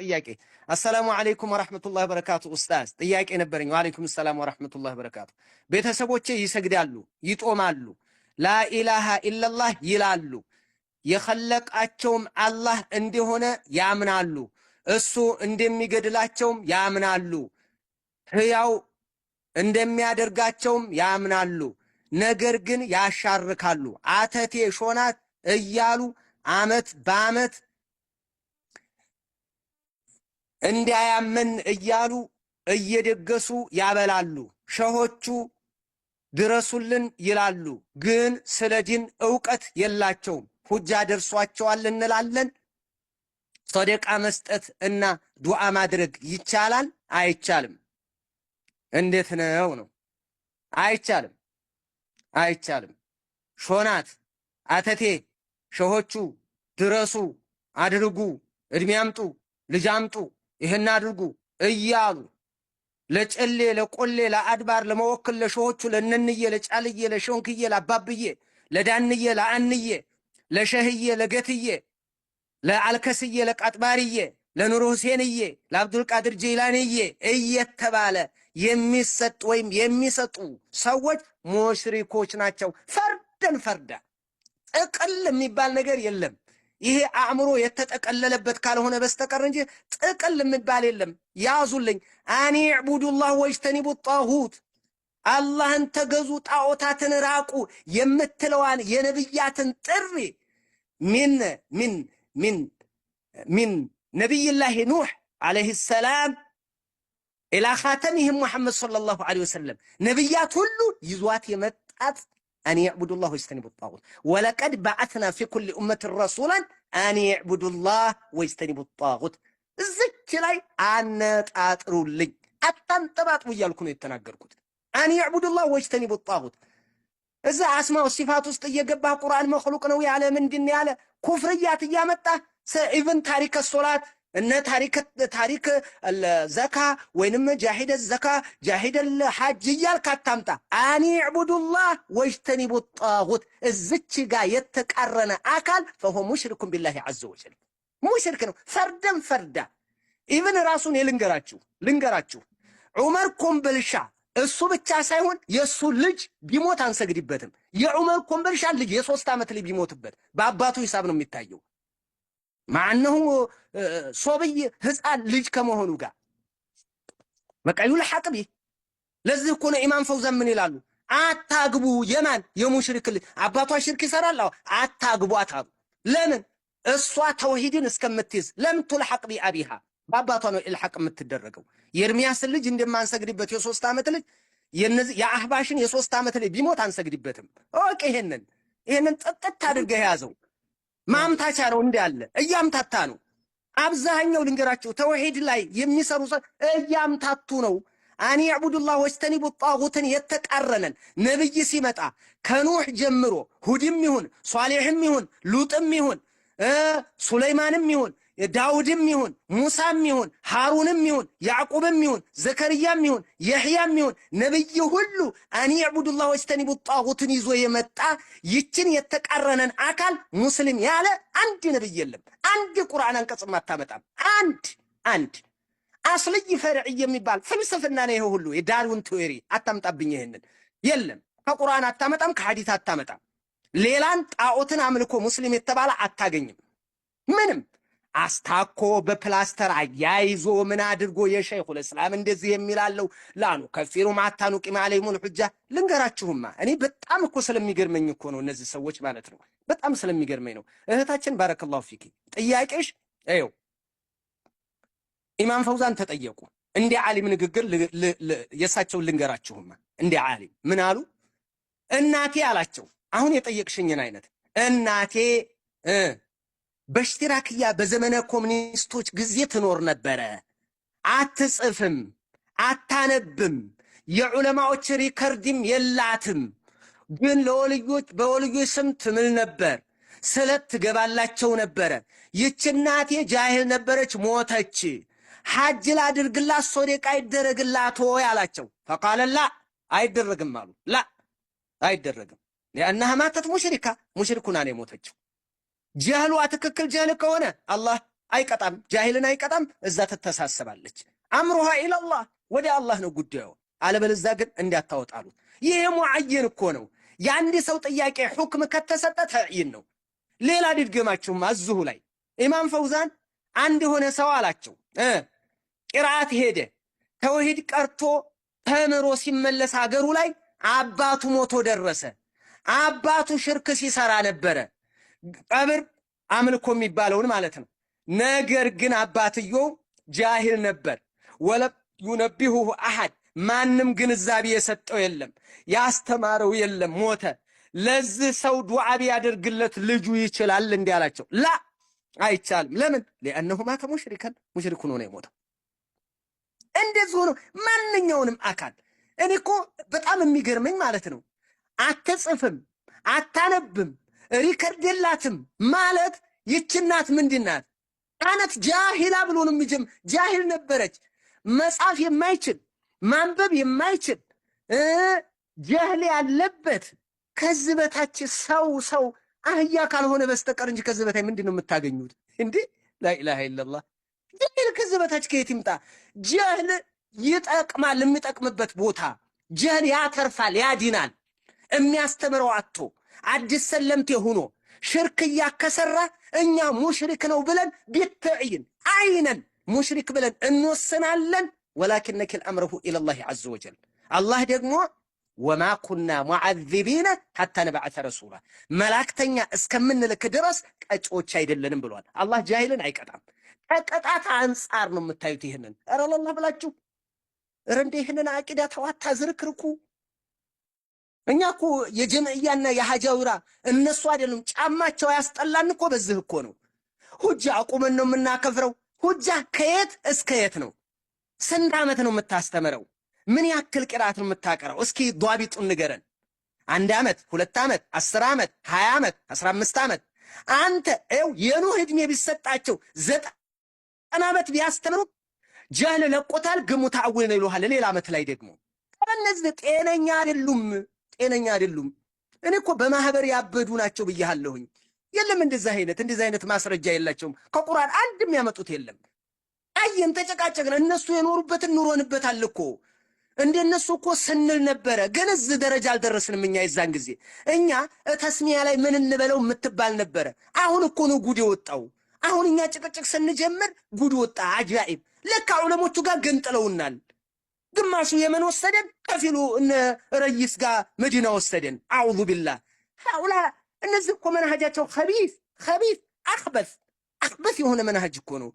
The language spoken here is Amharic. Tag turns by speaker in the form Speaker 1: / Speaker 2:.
Speaker 1: ጥያቄ አሰላሙ አለይኩም ወራህመቱላሂ በረካቱ። ኡስታዝ ጥያቄ ነበረኝ። ወአለይኩም ሰላም ወራህመቱላሂ በረካቱ። ቤተሰቦቼ ይሰግዳሉ፣ ይጦማሉ፣ ላኢላሃ ኢላላህ ይላሉ፣ የኸለቃቸውም አላህ እንደሆነ ያምናሉ፣ እሱ እንደሚገድላቸውም ያምናሉ፣ ሕያው እንደሚያደርጋቸውም ያምናሉ። ነገር ግን ያሻርካሉ። አተቴ ሾናት እያሉ አመት በአመት እንዳያመን እያሉ እየደገሱ ያበላሉ። ሸሆቹ ድረሱልን ይላሉ፣ ግን ስለ ዲን እውቀት የላቸውም። ሁጃ ደርሷቸዋል እንላለን። ሰደቃ መስጠት እና ዱዓ ማድረግ ይቻላል አይቻልም? እንዴት ነው ነው? አይቻልም፣ አይቻልም። ሾናት አተቴ ሸሆቹ ድረሱ፣ አድርጉ፣ እድሜ አምጡ፣ ልጅ አምጡ ይህን አድርጉ እያሉ ለጨሌ ለቆሌ ለአድባር ለመወክል ለሾሆቹ ለነንዬ ለጫልዬ ለሾንክዬ ለአባብዬ ለዳንዬ ለአንዬ ለሸህዬ ለገትዬ ለአልከስዬ ለቃጥባርዬ ለኑሮ ሁሴንዬ ለአብዱልቃድር ጀላንዬ እየተባለ የሚሰጥ ወይም የሚሰጡ ሰዎች ሙሽሪኮች ናቸው። ፈርደን ፈርዳ ጥቅል የሚባል ነገር የለም። ይሄ አእምሮ የተጠቀለለበት ካልሆነ በስተቀር እንጂ ጥቅል የሚባል የለም። ያዙልኝ አኒ ዕቡዱላህ ወጅተኒቡ ጣሁት አላህን ተገዙ፣ ጣዖታትን ራቁ የምትለዋን የነብያትን ጥሪ ሚን ሚን ሚን ሚን ነቢይላሂ ኑሕ ዓለይሂ ሰላም ኢላ ኻተሚህም ሙሐመድ ሰለላሁ ዐለይሂ ወሰለም ነቢያት ሁሉ ይዟት የመጣት አን ያዕቡዱ ላህ ወይስተኒቡ ጣጉት ወለቀድ በዓትና ፊ ኩል ኡመት ረሱላን አን ያዕቡዱ ላህ ወይስተኒቡ ጣጉት። እዝች ላይ አነጣጥሩልኝ አታንጠባጥሩ እያልኩ ነው የተናገርኩት። አን ያዕቡዱ ላህ ወይስተኒቡ ጣጉት እዛ አስማው ሲፋት ውስጥ እየገባ ቁርአን መክሉቅ ነው ያለ ምንድን ያለ ኩፍርያት እያመጣ ኢቨን ታሪከ ሶላት እነ ታሪክ ታሪክ ዘካ ወይንም ጃሂደ ዘካ ጃሂደ ሐጅ እያልክ አታምጣ። አኒ ዕቡዱላህ ወጅተኒቡ ጣጉት። እዝች ጋር የተቃረነ አካል ፈሆ ሙሽሪኩን ቢላሂ ዐዘ ወጀል ሙሽሪክ ነው፣ ፈርደን ፈርዳ። ኢብን ራሱን የልንገራችሁ ልንገራችሁ፣ ዑመር ኮምበልሻ እሱ ብቻ ሳይሆን የእሱ ልጅ ቢሞት አንሰግድበትም። የዑመር ኮምበልሻ ልጅ የሶስት ዓመት ልጅ ቢሞትበት በአባቱ ሂሳብ ነው የሚታየው ማነሁ ሶብይ ህፃን ልጅ ከመሆኑ ጋር በቃ ይልሐቅ ቢ ለዚህ እኮ ነው ኢማም ፈውዛን ምን ይላሉ? አታግቡ የማን የሙሽሪክ ልጅ አባቷ ሽርክ ይሰራል። አታግቧት አሉ። ለምን እሷ ተውሂድን እስከምትይዝ ለምን ቱልሐቅ ቢ በአባቷ ነው ኢልሐቅ የምትደረገው። የኤርሚያስን ልጅ እንደማንሰግድበት የሶስት ዓመት ልጅ የነዚህ የአህባሽን የሶስት ዓመት ልጅ ቢሞት አንሰግድበትም። ኦኬ ይሄንን ይሄንን ጥጥት አድርገህ የያዘው ማምታቻ ነው እንዳለ እያምታታ ነው። አብዛኛው ልንገራቸው ተውሂድ ላይ የሚሰሩ እያምታቱ ነው። አኒ ያዕቡዱላህ ወጅተኒቡ ጣጉትን የተቃረነን ነብይ ሲመጣ ከኑህ ጀምሮ ሁድም ይሁን ሷሌሕም ይሁን ሉጥም ይሁን ሱለይማንም ይሁን ዳውድም ይሁን ሙሳም ይሁን ሃሩንም ይሁን ያዕቁብም ይሁን ዘከርያም ይሁን የሕያም ይሁን ነብይ ሁሉ አን ዕቡዱላህ ወስተኒቡ ጣሁትን ይዞ የመጣ ይችን የተቃረነን አካል ሙስሊም ያለ አንድ ነብይ የለም። አንድ ቁርአን አንቀጽም አታመጣም። አንድ አንድ አስልይ ፈርዕ የሚባል ፍልስፍና ነው ይሄ ሁሉ የዳርዊን ቲዎሪ አታምጣብኝ። ይሄንን የለም ከቁርአን አታመጣም፣ ከሐዲት አታመጣም። ሌላን ጣዖትን አምልኮ ሙስሊም የተባለ አታገኝም ምንም አስታኮ በፕላስተር አያይዞ ምን አድርጎ የሸይኹል እስላም እንደዚህ የሚላለው ላኑ ከፊሩ ማታኑ ቂማ አለይሙል ሑጃ። ልንገራችሁማ እኔ በጣም እኮ ስለሚገርመኝ እኮ ነው እነዚህ ሰዎች ማለት ነው። በጣም ስለሚገርመኝ ነው። እህታችን ባረከላሁ ፊኪ ጥያቄሽ ው ኢማም ፈውዛን ተጠየቁ። እንደ ዓሊም ንግግር የእሳቸውን ልንገራችሁማ። እንዲ ዓሊም ምን አሉ? እናቴ አላቸው። አሁን የጠየቅሽኝን አይነት እናቴ በሽትራክያ በዘመነ ኮሚኒስቶች ጊዜ ትኖር ነበረ። አትጽፍም፣ አታነብም፣ የዑለማዎች ሪከርድም የላትም። ግን ለወልዮች በወልዮች ስም ትምል ነበር፣ ስለት ትገባላቸው ነበረ። ይች እናቴ ጃሂል ነበረች፣ ሞተች። ሐጅ ላድርግላት ሶዴቃ አይደረግላት ወይ አላቸው። ፈቃለ ላ አይደረግም አሉ። ላ አይደረግም፣ ሊአናሃ ማተት ሙሽሪካ ሙሽሪኩና ነው የሞተችው ጀህሏ ትክክል ጀህል ከሆነ አላህ አይቀጣም፣ ጃሂልን አይቀጣም። እዛ ትተሳሰባለች። አምሩሃ ኢለላህ ወደ አላህ ነው ጉዳዩ። አለበለዛ ግን እንዳታወጣሉት። ይሄ ሙዐይን እኮ ነው። የአንድ ሰው ጥያቄ ሑክም ከተሰጠ ተዕይን ነው። ሌላ ድድገማችሁም አዝሁ ላይ ኢማም ፈውዛን አንድ የሆነ ሰው አላቸው ቂርአት ሄደ ተውሂድ ቀርቶ ተምሮ ሲመለስ አገሩ ላይ አባቱ ሞቶ ደረሰ። አባቱ ሽርክ ሲሰራ ነበረ። ቀብር አምልኮ የሚባለውን ማለት ነው። ነገር ግን አባትየው ጃሂል ነበር። ወለም ዩነቢሁ አሐድ ማንም ግንዛቤ የሰጠው የለም፣ ያስተማረው የለም። ሞተ። ለዚህ ሰው ዱዓ ቢያደርግለት ልጁ ይችላል? እንዲህ አላቸው። ላ አይቻልም። ለምን? ሊአነሁ ማተ ሙሽሪከን ሙሽሪክ ሆኖ ነው የሞተው። እንደዚህ ሆኖ ማንኛውንም አካል እኔ እኮ በጣም የሚገርመኝ ማለት ነው አትጽፍም፣ አታነብም ሪከርድ የላትም ማለት ይችናት ምንድናት? ናት? ካነት ጃሂላ ብሎን የሚጀም ጃሂል ነበረች። መጻፍ የማይችል ማንበብ የማይችል ጀህል ያለበት ከዚህ በታች ሰው ሰው አህያ ካልሆነ በስተቀር እንጂ ከዚህ በታች ምንድን ነው የምታገኙት? እንዲህ ላኢላሃ ኢለላህ ጀህል ከዚህ በታች ከየት ይምጣ? ጀህል ይጠቅማል፣ የሚጠቅምበት ቦታ ጀህል ያተርፋል፣ ያዲናል። የሚያስተምረው አቶ አዲስ ሰለምቴ ሆኖ ሽርክ ከሰራ እኛ ሙሽሪክ ነው ብለን ቢተዕይን አይነን ሙሽሪክ ብለን እንወስናለን። ወላኪነከ አምረሁ ኢለላህ ዐዘ ወጀል አላህ ደግሞ ወማ ኩና ሙዓዚቢነ ሐታ ነበዓተ ረሱላ መላእክተኛ እስከምንልክ ድረስ ቀጮች አይደለንም ብሏል። አላህ ጃሂልን አይቀጣም። ከቅጣት አንጻር ነው የምታዩት። ይህንን ኧረ ለላህ ብላችሁ ኧረ ይህንን አቂዳ ተዋታ ዝርክርኩ እኛ እኮ የጀምዕያና የሀጃውራ እነሱ አይደሉም። ጫማቸው ያስጠላን እኮ በዚህ እኮ ነው። ሁጃ አቁመን ነው የምናከፍረው። ሁጃ ከየት እስከ የት ነው? ስንት ዓመት ነው የምታስተምረው? ምን ያክል ቅራት ነው የምታቀረው? እስኪ ዷቢጡን ንገረን። አንድ ዓመት፣ ሁለት ዓመት፣ አስር ዓመት፣ ሀያ ዓመት፣ አስራ አምስት ዓመት አንተ ው የኑህ ዕድሜ ቢሰጣቸው ዘጠና ዓመት ቢያስተምሩ ጀህል ለቆታል። ግሙ ታዕዊል ነው ይሉሃል ሌላ ዓመት ላይ ደግሞ እነዚህ ጤነኛ አይደሉም። ጤነኛ አይደሉም። እኔ እኮ በማህበር ያበዱ ናቸው ብያለሁኝ። የለም እንደዚህ አይነት እንደዚህ አይነት ማስረጃ የላቸውም። ከቁርአን አንድም ያመጡት የለም። አየን፣ ተጨቃጨቅን። እነሱ የኖሩበትን ኑሮንበታል እኮ እንደነሱ እኮ ስንል ነበረ፣ ግን እዚህ ደረጃ አልደረስንም። እኛ የዛን ጊዜ እኛ ተስሚያ ላይ ምን እንበለው የምትባል ነበረ። አሁን እኮ ነው ጉድ የወጣው። አሁን እኛ ጭቅጭቅ ስንጀምር ጉድ ወጣ። አጃኢብ ለካ ዑለሞቹ ጋር ገንጥለውናል። ግማሹ የመን ወሰደን፣ ከፊሉ እነ ረይስ ጋር መዲና ወሰደን። አዑዙ ቢላህ ሀውላ እነዚህ እኮ መናሃጃቸው ከቢስ ከቢስ አክበስ አክበስ የሆነ መናሃጅ እኮ ነው።